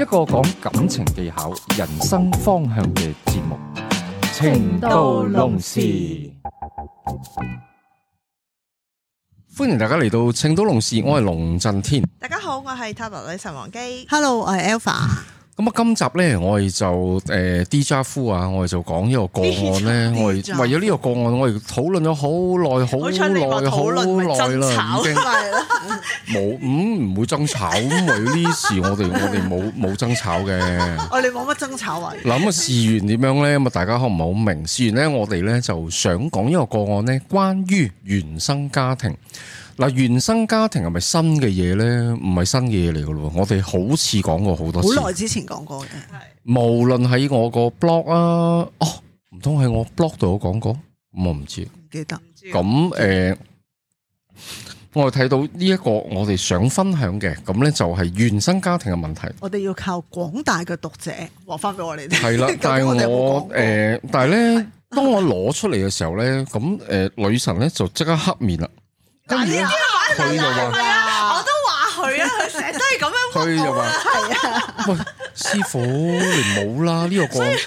一個講感情技巧、人生方向嘅節目《情到濃時》，歡迎大家嚟到《情到濃時》，我係龍震天。大家好，我係塔羅女神王基。Hello，我係 Alpha。咁啊，今集咧我哋就誒 D.J.F. 啊，呃 ja、Vu, 我哋就講呢個個案咧，我哋為咗呢個個案，我哋討論咗好耐久、好耐、好耐啦，已經冇 嗯唔會爭吵，為咗呢事我哋我哋冇冇爭吵嘅，我哋冇乜爭吵啊。嗱咁啊，事緣點樣咧？咁啊，大家可唔係好明。事緣咧，我哋咧就想講呢個個案咧，關於原生家庭。嗱，原生家庭係咪新嘅嘢咧？唔係新嘅嘢嚟噶咯，我哋好似講過好多次。好耐之前講過嘅。係。無論喺我個 blog 啊，哦，唔通喺我 blog 度有講過？我唔知。唔記得。咁誒，我哋睇到呢一個我哋想分享嘅，咁咧就係、是、原生家庭嘅問題。我哋要靠廣大嘅讀者話翻俾我哋。係啦，但係我誒，但係咧，當我攞出嚟嘅時候咧，咁誒，女神咧就即刻黑面啦。 咁呢啲話就難，係啊！我都話佢啊，佢成日都係咁樣問我啊。係啊，喂，師傅，你唔好啦，呢、呢個關。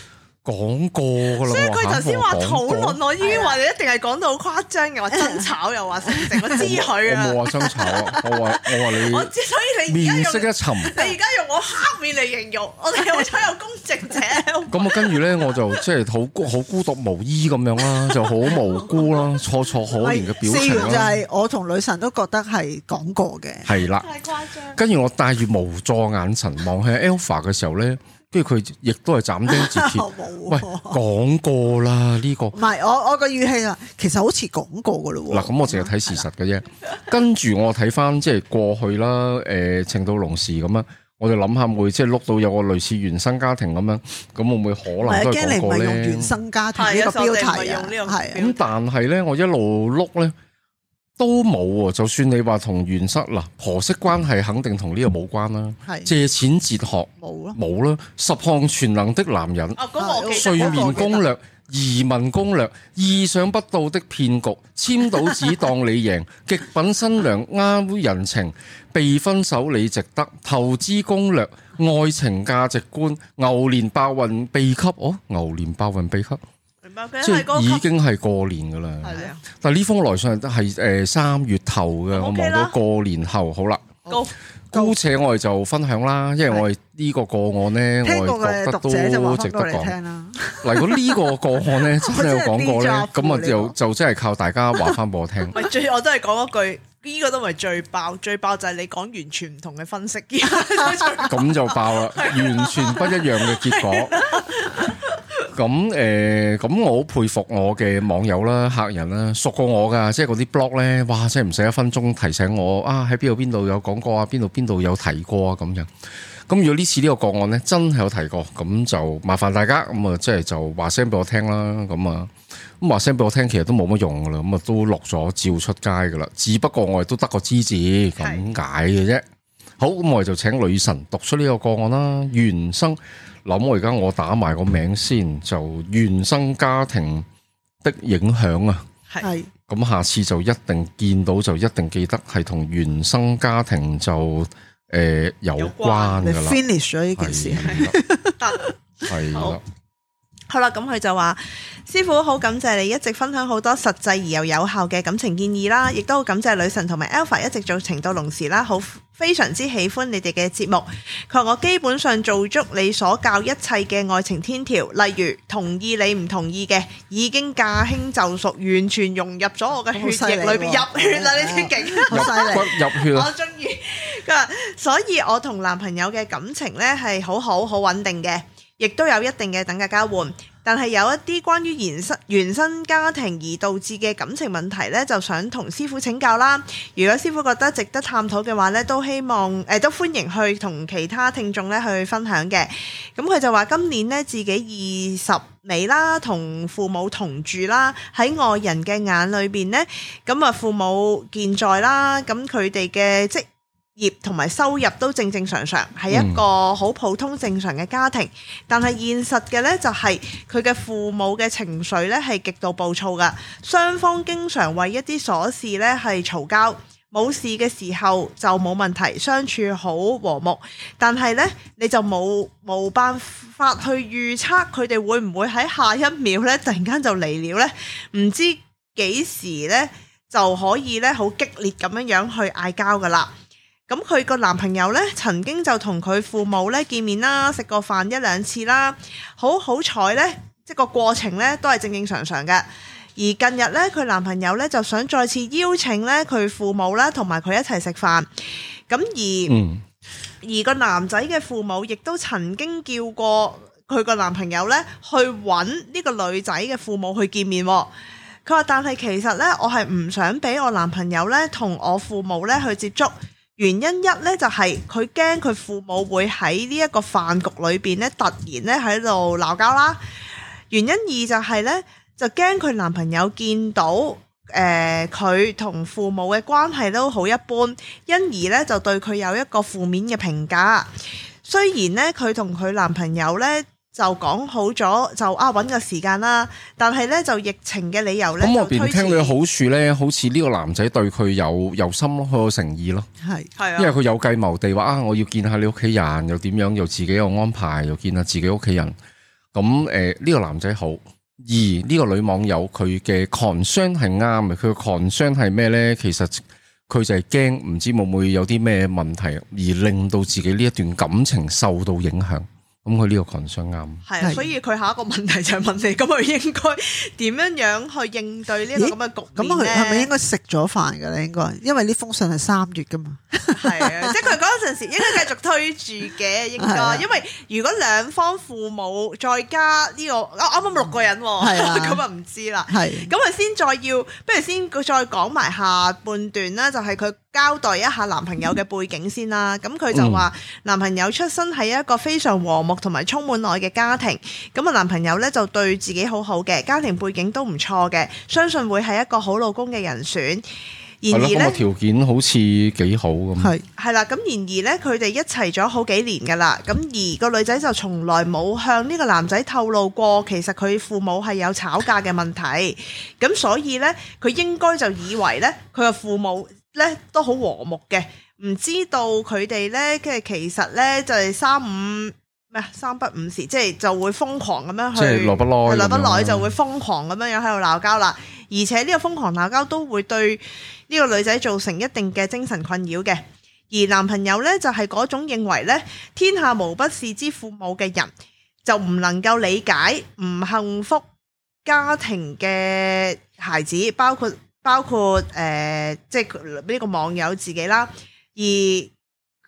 講過噶啦，所以佢頭先話討論我，已經話你一定係講到好誇張，又話爭吵，又話成個支許啊！冇話爭吵，我話我話你面色一沉，你而家用我黑面嚟形容，我哋又粗公正者」。咁啊，跟住咧，我就即係好好孤獨無依咁樣啦，就好無辜啦，楚楚可憐嘅表情啦。事源就係我同女神都覺得係講過嘅，係啦，跟住我帶住無助眼神望向 Alpha 嘅時候咧。跟住佢亦都係斬釘截鐵。 喂，講過啦呢、 呢個。唔係，我我個語氣啊，其實好似講過噶咯喎。嗱、啊，咁我淨係睇事實嘅啫。 跟住我睇返即係過去啦，誒、呃，情到濃時咁樣，我就諗下會即係碌到有個類似原生家庭咁樣，咁會唔會可能都係講過咧？唔係，Kelly 唔係用原生家庭呢個標題，咁但係咧，我一路碌咧。都冇啊！就算你話同原生嗱，婆媳關係，肯定同呢個冇關啦。是借錢哲學冇啦了。十項全能的男人，啊那個、睡眠攻略、攻略、移民攻略、嗯、意想不到的騙局、簽賭紙當你贏、極 品新娘啱人情、被分手你值得、投資攻略、愛情價值觀、牛年爆運秘笈。哦，牛年爆運秘笈。即係已經係過年噶啦，但係呢封來信都係誒三月頭嘅，我望到過年後好啦。姑且我哋就分享啦，因為我哋呢個個案咧，我哋覺得都值得講。嚟講呢個個案咧，真係有講過咧，咁我就就真係靠大家話翻俾我聽。最我都係講一句，呢個都唔係最爆，最爆就係你講完全唔同嘅分析，咁就爆啦，完全不一樣嘅結果。咁誒，咁、嗯嗯、我好佩服我嘅網友啦、客人啦，熟過我噶，即係嗰啲 blog 咧，哇，即係唔使一分鐘提醒我啊，喺邊度邊度有講過啊，邊度邊度有提過啊，咁樣。咁、嗯、如果呢次呢個個案咧，真係有提過，咁就麻煩大家咁啊、嗯，即係就話聲俾我聽啦。咁、嗯、啊，咁話聲俾我聽，其實都冇乜用噶啦，咁、嗯、啊都落咗照出街噶啦，只不過我哋都得個知字咁解嘅啫。是好，咁、嗯、我哋就請女神讀出呢個個案啦，原生。諗我而家我打埋個名先，就原生家庭的影響啊，係是，咁下次就一定見到就一定記得係同原生家庭就誒、呃、有關噶啦，finish 咗呢件事係，係。 的 好啦，咁佢就話：師傅好感謝你一直分享好多實際而又有效嘅感情建議啦，亦都好感謝女神同埋 Alpha 一直做情到濃時啦，好非常之喜歡你哋嘅節目。佢話我基本上做足你所教一切嘅愛情天條，例如同意你唔同意嘅，已經駕輕就熟，完全融入咗我嘅血液裏邊入血啦！你勁犀利入血啊！我中意。佢話， 所以我同男朋友嘅感情呢係好好好穩定嘅。亦都有一定嘅等價交換，但係有一啲關於原生原生家庭而導致嘅感情問題咧，就想同師傅請教啦。如果師傅覺得值得探討嘅話咧，都希望誒、呃、都歡迎去同其他聽眾咧去分享嘅。咁、嗯、佢就話今年咧自己二十尾啦，同父母同住啦，喺外人嘅眼裏邊呢，咁啊父母健在啦，咁佢哋嘅即。業同埋收入都正正常常，係一個好普通正常嘅家庭。但係現實嘅呢、就是，就係佢嘅父母嘅情緒呢係極度暴躁噶。雙方經常為一啲瑣事呢係嘈交，冇事嘅時候就冇問題，相處好和睦。但係呢，你就冇冇辦法去預測佢哋會唔會喺下一秒呢突然間就嚟了呢？唔知幾時呢，就可以呢好激烈咁樣樣去嗌交噶啦？咁佢個男朋友呢曾經就同佢父母咧，見面啦，食過飯一兩次啦，好好彩呢，即係個過程呢都係正正常常嘅。而近日呢，佢男朋友呢就想再次邀請呢佢父母呢，同埋佢一齊食飯。咁、嗯、而而個男仔嘅父母亦都曾經叫過佢個男朋友呢去揾呢個女仔嘅父母去見面。佢話，但係其實呢，我係唔想俾我男朋友呢同我父母呢去接觸。原因一咧就係佢驚佢父母會喺呢一個飯局裏邊咧突然咧喺度鬧交啦。原因二就係咧就驚佢男朋友見到誒佢同父母嘅關係都好一般，因而咧就對佢有一個負面嘅評價。雖然咧佢同佢男朋友咧。就講好咗就啊揾個時間啦，但係呢，就疫情嘅理由呢，咁我邊聽佢嘅好處呢，好似呢個男仔對佢有有心咯，有誠意咯，係係啊，因為佢有計謀地話啊，我要見下你屋企人，又點樣，又自己有安排，又見下自己屋企人。咁誒呢個男仔好，而呢個女網友佢嘅 concern 係啱，佢嘅 concern 係咩呢？其實佢就係驚唔知會唔會有啲咩問題，而令到自己呢一段感情受到影響。咁佢呢個群相啱，係啊，所以佢下一個問題就係問你，咁佢應該點樣樣去應對呢個咁嘅局面，佢係咪應該食咗飯噶咧？應該，因為呢封信係三月噶嘛，係啊， 即係佢嗰陣時應該繼續推住嘅，應該， 的因為如果兩方父母再加呢、這個，啱、啊、啱六個人，係啊 的，咁啊唔知啦，係的，咁佢先再要，不如先佢再講埋下,下半段啦，就係佢。交代一下男朋友嘅背景先啦，咁佢就話、嗯、男朋友出身係一個非常和睦同埋充滿愛嘅家庭，咁啊男朋友呢就對自己好好嘅，家庭背景都唔錯嘅，相信會係一個好老公嘅人選。然而呢，條、那個、件好，好似幾好咁，係係啦，咁然而呢，佢哋一齊咗好幾年噶啦，咁而個女仔就從來冇向呢個男仔透露過，其實佢父母係有吵架嘅問題，咁 所以呢，佢應該就以為呢，佢嘅父母。咧都好和睦嘅，唔知道佢哋咧，即係其實咧就係三五咩三不五時，即係就會瘋狂咁樣去，即係耐不耐，耐不耐就會瘋狂咁樣樣喺度鬧交啦。而且呢個瘋狂鬧交都會對呢個女仔造成一定嘅精神困擾嘅。而男朋友咧就係嗰種認為咧天下無不是之父母嘅人，就唔能夠理解唔幸福家庭嘅孩子，包括。包括誒、呃，即係呢個網友自己啦。而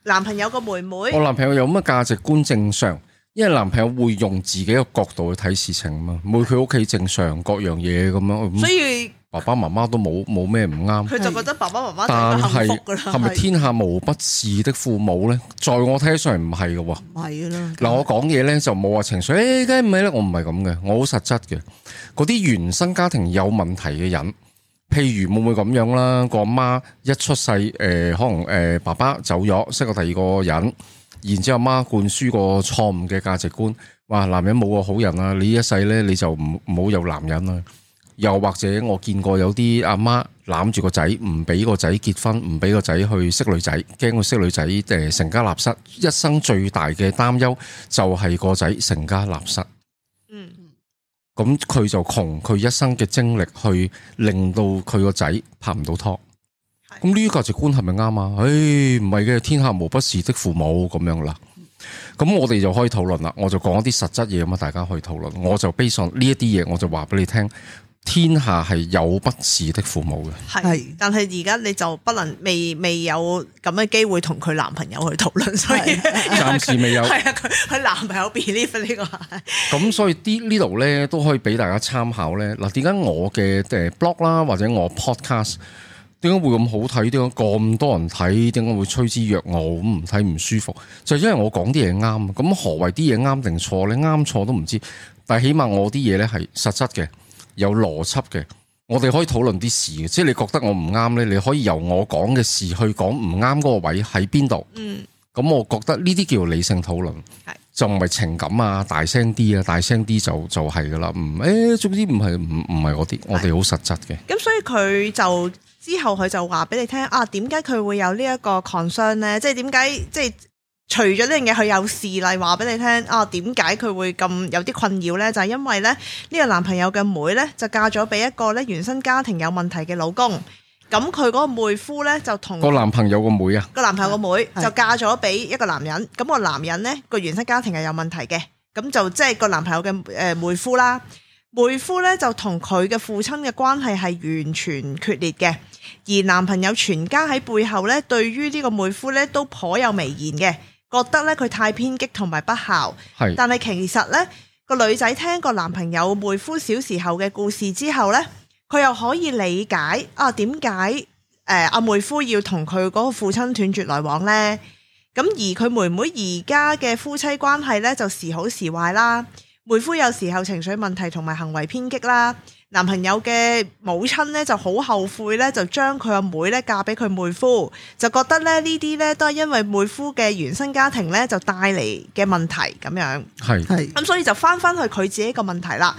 男朋友個妹妹，我男朋友有乜價值觀正常？因為男朋友會用自己嘅角度去睇事情嘛，每佢屋企正常各樣嘢咁樣，嗯、所以爸爸媽媽都冇冇咩唔啱。佢就覺得爸爸媽媽但係係咪天下無不是的父母咧？係嘅。在我睇上嚟唔係嘅喎，唔係嗱。我講嘢咧就冇話情緒，誒梗係唔係咧？我唔係咁嘅，我好實質嘅嗰啲原生家庭有問題嘅人。譬如會唔會咁樣啦？個媽一出世，誒，可能誒，爸爸走咗，識個第二個人，然之後媽灌輸個錯誤嘅價值觀，哇！男人冇個好人啊，你一世呢，你就唔好有男人啊。又或者我見過有啲阿媽攬住個仔，唔俾個仔結婚，唔俾個仔去識女仔，驚佢識女仔誒成家立室，一生最大嘅擔憂就係個仔成家立室。嗯。咁佢就窮，佢一生嘅精力去令到佢的個仔拍唔到拖。咁呢個價值觀係咪啱啊？誒，唔係嘅，天下無不是的父母咁樣啦。咁我哋就可以討論啦。我就講一啲實質嘢咁嘛，大家可以討論。我就 based on 呢一啲嘢，我就話俾你聽。天下係有不是的父母嘅，係，但係而家你就不能未未有咁嘅機會同佢男朋友去討論，所以暫時未有。係啊，佢佢男朋友 believe 呢、這個。咁所以啲呢度咧都可以俾大家參考咧。嗱，點解我嘅誒 blog 啦，或者我 podcast 點解會咁好睇？點解咁多人睇？點解會趨之若鶩咁唔睇唔舒服？就係、是、因為我講啲嘢啱。咁何為啲嘢啱定錯咧？啱錯都唔知。但係起碼我啲嘢咧係實質嘅。有邏輯嘅，我哋可以討論啲事嘅，即係你覺得我唔啱呢，你可以由我講嘅事去講唔啱嗰個位喺邊度。嗯，咁我覺得呢啲叫理性討論，是就唔係情感啊，大聲啲啊，大聲啲就就係噶啦。唔，誒，總之唔係唔唔係啲，我哋好是實質嘅。咁所以佢就之後佢就話俾你聽啊，點解佢會有呢一個 concern 呢？即係點解即係。就是除咗呢樣嘢，佢有事例話俾你聽啊？點解佢會咁有啲困擾呢？就係，因為咧，呢，呢個男朋友嘅妹呢，就嫁咗俾一個咧原生家庭有問題嘅老公。咁佢嗰個妹夫呢，就同個男朋友個妹啊個男朋友個妹就嫁咗俾一個男人。咁是個男人呢，個原生家庭係有問題嘅，咁就即係個男朋友嘅，誒妹夫啦。妹夫呢，就同佢嘅父親嘅關係係完全決裂嘅。而男朋友全家喺背後呢，對於呢個妹夫呢，都頗有微言嘅。覺得咧佢太偏激、同埋不孝，是但係其實咧個女仔聽過男朋友妹夫小時候嘅故事之後咧，佢又可以理解啊點解阿妹夫要同佢嗰個父親斷絕來往呢。咁而佢妹妹而家嘅夫妻關係咧就時好時壞啦。妹夫有時候情緒問題、同埋行為偏激啦。男朋友嘅母親咧就好後悔咧，就將佢阿妹咧嫁俾佢妹夫，就覺得咧呢啲咧都係因為妹夫嘅原生家庭咧就帶嚟嘅問題咁樣。係係咁，所以就返返去佢自己個問題啦。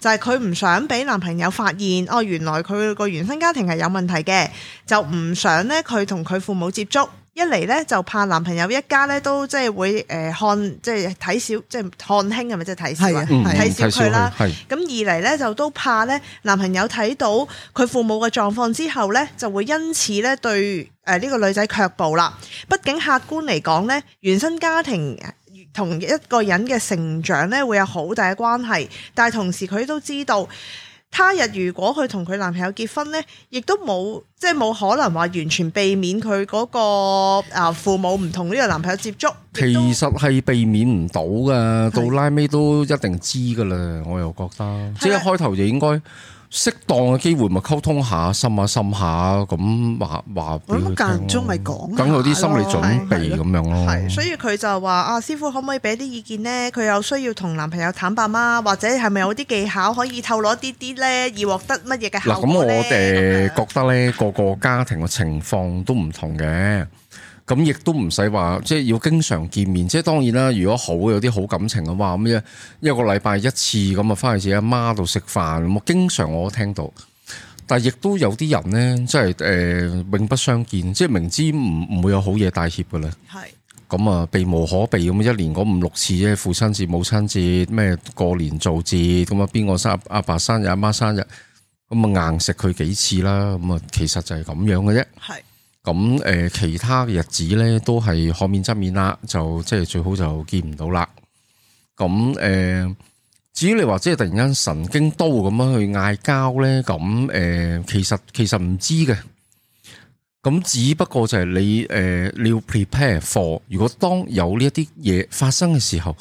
就係佢唔想俾男朋友發現，哦，原來佢個原生家庭係有問題嘅，就唔想咧佢同佢父母接觸，一嚟咧就怕男朋友一家咧都即係會誒看，即係睇小，即係看輕，係咪？即係睇小睇小佢啦。咁二嚟咧就都怕咧男朋友睇到佢父母嘅狀況之後咧，就會因此咧對誒呢個女仔卻步啦。畢竟客觀嚟講咧，原生家庭同一個人嘅成長咧，會有好大嘅關係，但係同時佢都知道，他日如果佢同佢男朋友結婚咧，亦都冇。即係冇可能話完全避免佢嗰個啊父母唔同呢個男朋友接觸，其實係避免唔到㗎，到拉尾都一定知㗎啦。我又覺得，即係一開頭就應該適當嘅機會咪溝通下，深下深、啊、下咁話話。咁間中咪講，咁有啲心理準備咁樣咯。係、嗯嗯，所以佢就話啊、嗯，師傅可唔可以俾啲意見呢？佢有需要同男朋友坦白嗎？或者係咪有啲技巧可以透露一啲啲咧，以獲得乜嘢嘅效果咁、啊、我哋覺得咧 t 個家庭嘅情況都唔同嘅，咁亦都唔使話，即係要經常見面。即係當然啦，如果好有啲好感情嘅話，咁一個禮拜一次咁啊，翻去自己阿媽度食飯。我經常我都聽到，但係亦都有啲人呢，即係誒、呃、永不相見，即係明知唔唔會有好嘢帶挈嘅咧。係咁啊，避無可避咁一年嗰五六次啫，父親節、母親節，咩過年造節、造節，咁啊，邊個生阿爸生日、阿媽生日。咁啊，硬食佢幾次啦！咁啊，其實就係咁樣嘅啫。係咁誒，其他嘅日子咧，都係可免則免啦，就即係最好就見唔到啦。咁、嗯、誒，至於你話即係突然間神經刀咁樣去嗌交咧，咁誒，其實其實唔知嘅。咁只不過就係你誒，你要 prepare for，如果當有呢一啲嘢發生嘅時候，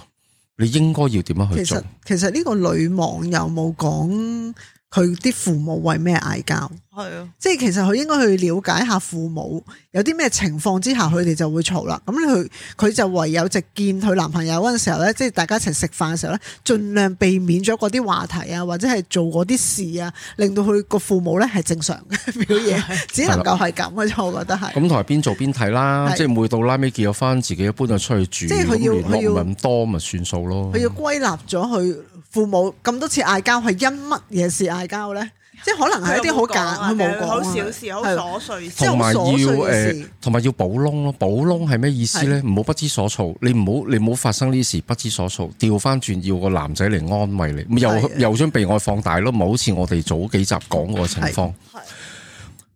你應該要點樣去做？其實呢個女網有冇講？佢啲父母為咩嗌交？係啊，即係其實佢應該去了解下父母有啲咩情況之下，佢哋就會嘈啦。咁佢佢就唯有直見佢男朋友嗰陣時候咧，即係大家一齊食飯嘅時候咧，盡量避免咗嗰啲話題啊，或者係做嗰啲事啊，令到佢個父母咧係正常嘅表現，的只能夠係咁嘅啫。的我覺得係。咁同埋邊做邊睇啦，的即係每到拉尾結咗婚，自己一般就出去住，即係佢要佢多咪算數咯？佢個要歸納咗佢。父母咁多次嗌交，係因乜嘢事嗌交咧？即係可能係一啲好假、好小事、好瑣是碎，即係瑣碎嘅事，同埋要，、呃、要補窿咯，補窿係咩意思咧？唔好是不，不知所措，你唔好你唔好發生呢事不知所措，調翻轉要個男仔嚟安慰你，又的又將被愛放大咯，唔好似我哋早幾集講過嘅情況。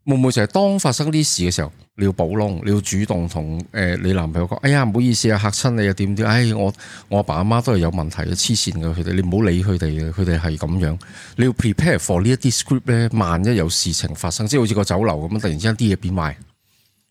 會唔會就係當發生呢啲事嘅時候，你要補窿，你要主動同誒、呃、你男朋友講，哎呀唔好意思啊吓親你啊點點，哎我我阿爸阿媽都係有問題嘅黐線嘅佢哋，你唔好理佢哋佢哋係咁樣，你要 prepare for 呢一啲 script 咧，萬一有事情發生，即係好似個酒樓咁樣，突然之間啲嘢變賣，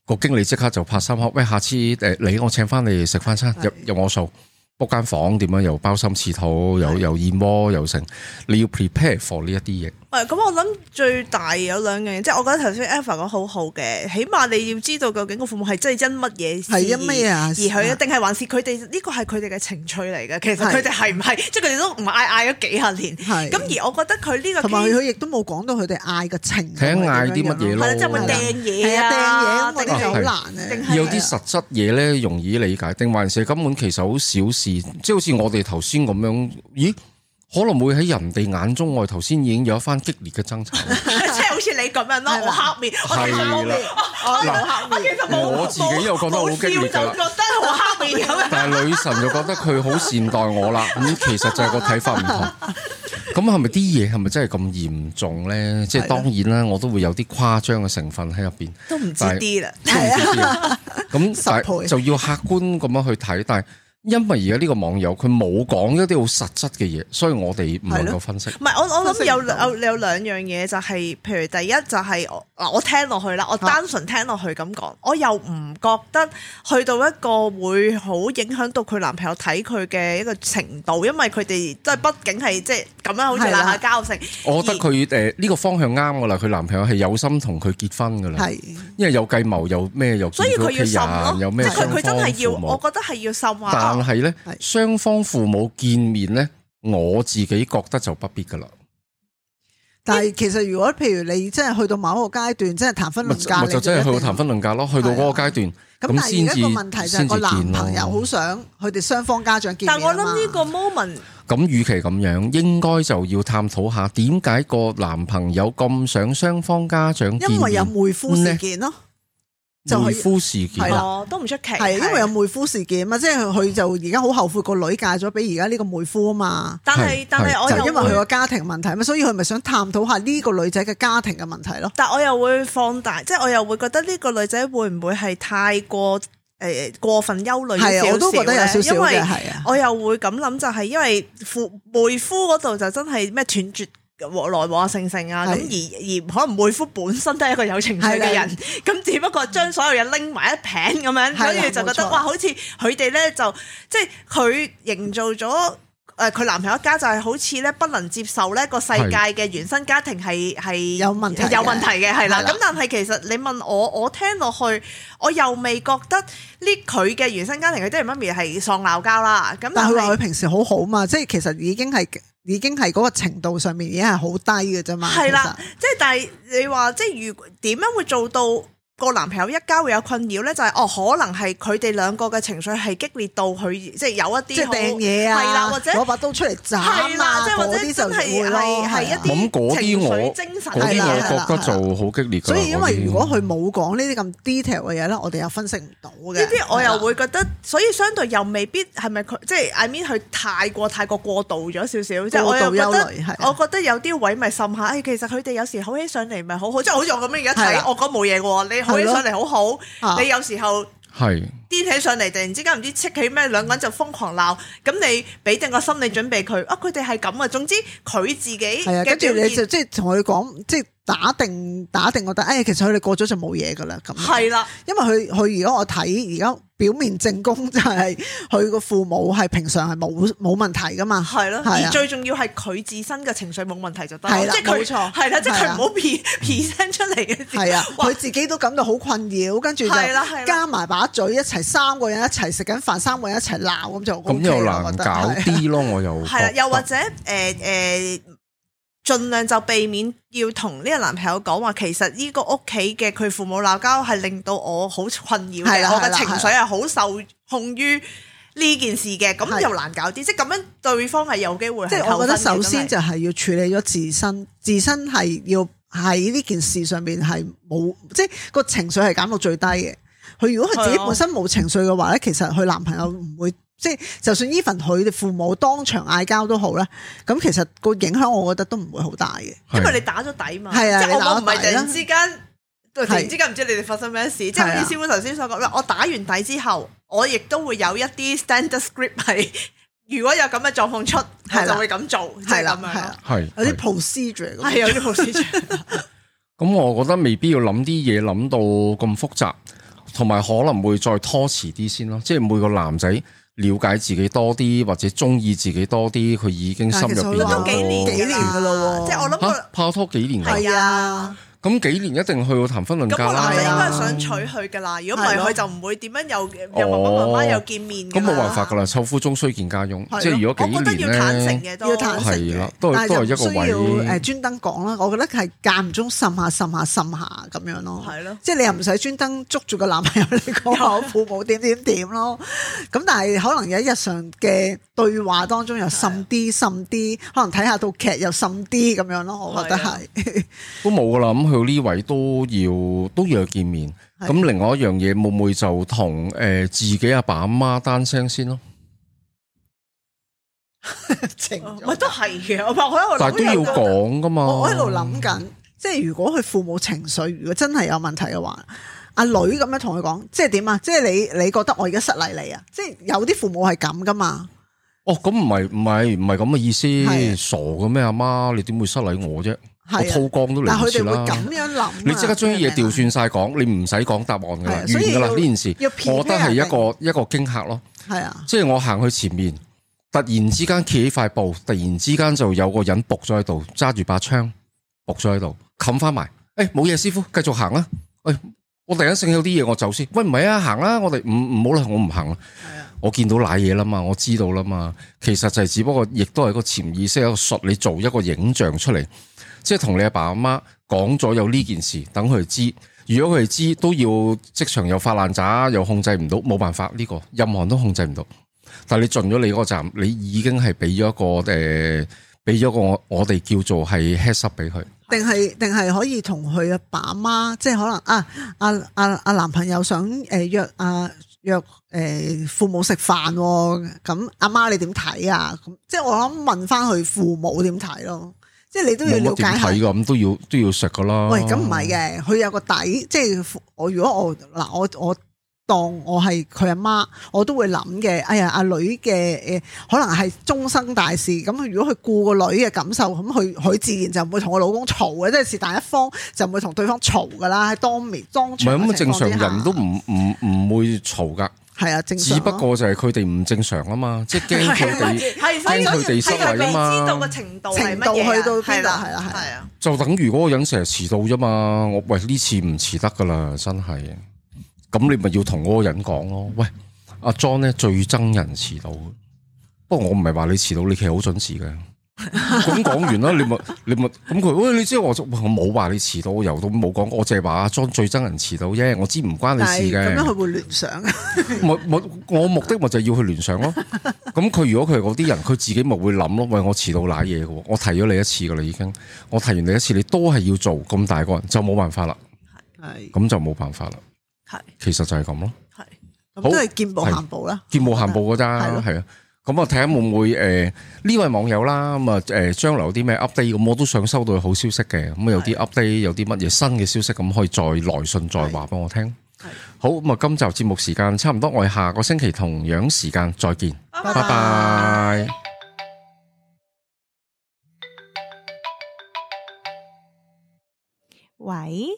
個經理即刻就拍心口，喂下次誒你、呃、我請翻你食翻餐，入入我數 book 間房點樣，又鮑參翅肚，又的又燕窩又成，你要 prepare for 呢一啲嘢。咁，我諗最大有兩樣嘢，即係我覺得頭先 Eva 講好好嘅，起碼你要知道究竟個父母係真係因乜嘢？係因咩啊？而佢一定係還是佢哋呢個係佢哋嘅情趣嚟嘅。其實佢哋係唔係？即係佢哋都唔嗌嗌咗幾十年。咁而我覺得佢呢個同埋佢亦都冇講到佢哋嗌嘅情緒嗌啲乜嘢咯。係啊，即係會掟嘢啊？掟嘢咁樣好難啊！定係有啲實質嘢咧容易理解，定還是根本其實好小事，即係好似我哋頭先咁樣？咦？可能會喺人哋眼中，我頭先已經有一番激烈嘅爭吵，即係好似你咁樣咯，我黑面，我黑我黑面，我自己又覺得好激烈㗎啦。好黑面，但係女神就覺得佢好善待我啦。咁其實就係個睇法唔同。咁係咪啲嘢係咪真係咁嚴重咧？即係當然啦，我都會有啲誇張嘅成分喺入邊。都唔知啲啦，咁但係就要客觀咁樣去睇，但係。因為而家呢個網友佢冇講一啲好實質嘅嘢，所以我哋唔能夠分析。唔係，我我諗有有有兩樣嘢就係，譬如第一就係我嗱，我聽落去啦，我單純聽落去咁講，我又唔覺得去到一個會好影響到佢男朋友睇佢嘅一個程度，因為佢哋即係畢竟係即係咁樣好似鬧下交性。我覺得佢誒呢個方向啱噶啦，佢男朋友係有心同佢結婚噶啦，因為有計謀有咩又，所以佢要諗咯，佢真係要，我覺得係要諗話。但係咧，雙方父母見面咧，我自己覺得就不必噶啦。但係其實如果譬如你真係去到某一個階段，真係談婚論嫁，咪不就，就真係去到談婚論嫁咯。去到嗰個階段，咁、啊、但係而家個問題就係、是、個才男朋友好想佢哋雙方家長見面，但我諗呢個 moment，咁與其咁樣，應該就要探討下點解個男朋友咁想雙方家長，因為有妹夫事件咯、啊。就係妹夫事件係咯，都唔出奇，係啊，因為有妹夫事件啊，即係佢就而家好後悔個女嫁咗俾而家呢個妹夫啊嘛。但係，但係我又會就因為佢個家庭問題啊，所以佢咪想探討下呢個女仔嘅家庭嘅問題咯。但係我又會放大，即係我又會覺得呢個女仔會唔會係太過誒、呃、過分憂慮？係啊，我都覺得有少少嘅，因為係啊。我又會咁諗，就係，因為父妹夫嗰度就真係咩斷絕。和來和性性啊，咁而而可能妹夫本身都係一個有情緒嘅人，咁只不過將所有嘢拎埋一平咁樣，所以就覺得哇，好似佢哋咧就即係佢營造咗誒佢男朋友一家就係好似咧不能接受咧個世界嘅原生家庭係係有問題有問題嘅係啦，咁但係其實你問我，我聽落去我又未覺得呢佢嘅原生家庭佢爹哋媽咪係喪鬧交啦，咁但係佢話佢平時好好嘛，即係其實已經係。已經係嗰個程度上面，已經係好低嘅啫嘛的。係啦實，即係但係你話，即係如果點樣會做到？個男朋友一家會有困擾咧，就係、是、哦，可能係佢哋兩個嘅情緒係激烈到佢，即係有一啲，即係掟嘢啊，攞把刀出嚟斬啊，即係或者啲就係係係一啲情緒精神，係啦係啦，覺得就好激烈。了所以因為如果佢冇講呢啲咁 detail 嘅嘢咧，我哋又分析唔到嘅。呢啲我又會覺得，所以相對又未必係咪佢即係 I mean 佢太過太過過度咗少少。過度憂慮係。我覺得有啲位咪滲下，誒、哎、其實佢哋有時起好，好起上嚟咪好好，即係好似我咁樣而家睇，我覺得冇嘢嘅喎，你。上嚟好好，啊、你有時候係顛起上嚟，突然之間唔知戚起咩，兩個人就瘋狂鬧。咁你俾定個心理準備佢，啊，佢哋係咁啊。總之佢自己，係啊，跟住你就即係同佢講，即係打定打定，我覺得誒，其實佢哋過咗就冇嘢噶啦，咁係啦。因為佢佢如果我睇而家表面證供，就係佢個父母係平常係冇冇問題噶嘛。係咯，而最重要係佢自身嘅情緒冇問題就得。係啦，冇錯。係啦，即係佢唔好表表現出嚟嘅。係啊，佢自己都感到好困擾，跟住又加埋把嘴，一齊三個人一齊食緊飯，三個人一齊鬧咁就咁又難搞啲咯。我又係啦，又或者誒誒。盡量就避免要同呢個男朋友講話，其實呢個屋企嘅佢父母鬧交係令到我好困擾，係啦的，我嘅情緒係好受控於呢件事嘅，咁的又難搞啲，即係咁樣對方係有機會，即係我覺得首先就係要處理咗自身，自身係要喺呢件事上面係冇，即係個情緒係減到最低嘅。佢如果佢自己本身冇情緒嘅話咧，的其實佢男朋友唔會。即係，就算 even 佢哋父母當場嗌交都好啦，咁其實個影響我覺得都唔會好大嘅，因為你打咗底嘛，的即係是我唔係突然之間，突然之間唔知你哋發生咩事。的即係如師傅頭先所講啦，我打完底之後，我亦都會有一啲 standard script 係，如果有咁嘅狀況出，的我就會咁做，係咁的樣。係有啲 procedure，係有啲 procedure。咁 我覺得未必要諗啲嘢諗到咁複雜，同埋可能會再拖遲啲先咯。即係每個男仔。了解自己多啲，或者中意自己多啲，佢已經心入邊有個。幾、啊、年幾年噶咯，即係我諗拍、啊、拖幾年。係啊。咁幾年一定去到談婚論嫁啦，嗱，你應該想娶佢噶啦。如果唔係，佢就唔會點樣又又爸爸媽媽又見面。咁冇辦法噶啦，醜婦終須見家翁。即係如果幾年咧，我覺得要坦誠嘅，都係啦，都係都係一個位。誒，專登講啦，我覺得係間唔中滲下滲下滲下咁樣咯。係咯，即係你又唔使專登捉住個男朋友嚟講我父母點點點咯。咁但係可能喺日常嘅對話當中又滲啲滲啲，可能睇下套劇又滲啲咁樣咯。我覺得係都冇噶啦佢呢位都要都要見面，咁的另外一樣嘢，會唔會就同誒自己阿爸阿媽單聲先咯？情唔都係嘅，我怕我喺度諗緊，但係都要講噶嘛。我喺度諗緊，即係如果佢父母情緒如果真係有問題嘅話，阿女，咁樣同佢講，即係點啊？即係你你覺得我而家失禮你啊？即係有啲父母係咁噶嘛？哦，咁唔係唔係唔係咁嘅意思，的傻嘅咩？阿媽，你點會失禮我啫？係，嗱，佢哋會咁樣諗，你即刻將啲嘢調轉晒講，的你唔使講答案嘅啦，完噶啦呢件事。我覺得係一個的一個驚嚇咯，係啊的，即係我行去前面，突然之間企起塊布，突然之間就有個人伏咗喺度，揸住把槍伏咗喺度，冚翻埋。誒，冇嘢，師傅繼續行啦。誒、欸，我突然醒起有啲嘢，我走先。喂，唔係啊，行啦，我哋唔唔好啦，我唔行啦。的我見到瀨嘢啦嘛，我知道啦嘛。其實就係只不過亦都係一個潛意識一個術，你做一個影像出嚟。即係同你阿爸阿媽講咗有呢件事，等佢知。如果佢知，都要職場又發爛渣，又控制唔到，冇辦法。呢、這個任何人都控制唔到。但係你進咗你嗰個站，你已經係俾咗個誒，俾、呃、咗個我我哋叫做係 heads up 俾佢。定係定係可以同佢阿爸阿媽，即係可能啊啊啊啊男朋友想誒、呃啊、約啊約誒父母食飯，哦，咁阿媽你點睇啊？咁即係我諗問翻佢父母點睇咯。即係你都要了解下，咁係都要都要食噶啦。喂，咁唔係嘅，佢有個底，即係我如果我嗱我我當我係佢阿媽，我都會諗嘅。哎呀，阿女嘅誒，可能係終生大事。咁如果佢顧個女嘅感受，咁佢佢自然就唔會同我老公嘈嘅。即係是但一方就唔會同對方嘈噶啦，喺當面當場。唔係咁正常人都唔唔唔會嘈噶。係啊，正常啊。只不過就係佢哋唔正常啊嘛，即係驚佢哋驚佢哋失禮啊嘛。是是知道嘅程度係乜嘢？程度去到邊啦係啦，係啦，係啊。就等於嗰個人成日遲到啫嘛。我喂呢次唔遲得噶啦，真係。咁你咪要同嗰個人講咯。喂，阿 John 咧最憎人遲到。不過我唔係話你遲到，你其實好準時嘅。咁講完啦，你咪你咪咁佢，你知我我冇話你遲到，由到冇講，我淨係話阿莊最憎人遲到啫。我知唔關你事嘅，點解佢會聯想？我我目的咪就要去聯想咯。咁佢如果佢係嗰啲人，佢自己咪會諗咯。喂、哎，我遲到瀨嘢嘅，我提咗你一次噶啦，已經我提完你一次，你都係要做咁大個人，就冇辦法啦。係咁就冇辦法啦。係其實就係咁咯。係咁都係見步行步啦，見步行步噶咋？係啊。咁啊，睇下會唔會誒呢位網友啦。咁啊誒將來有啲咩 update，咁我都想收到好消息嘅。咁啊有啲 update，有啲乜嘢新嘅消息，咁可以再來信再話俾我聽。係好，咁啊今集節目時間差唔多，我哋下個星期同樣時間再見。拜拜。喂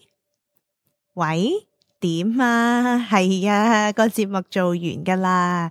喂，點啊？係啊，個節目做完噶啦。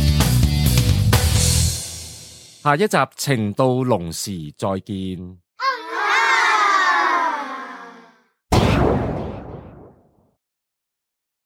下一集情到濃時再見。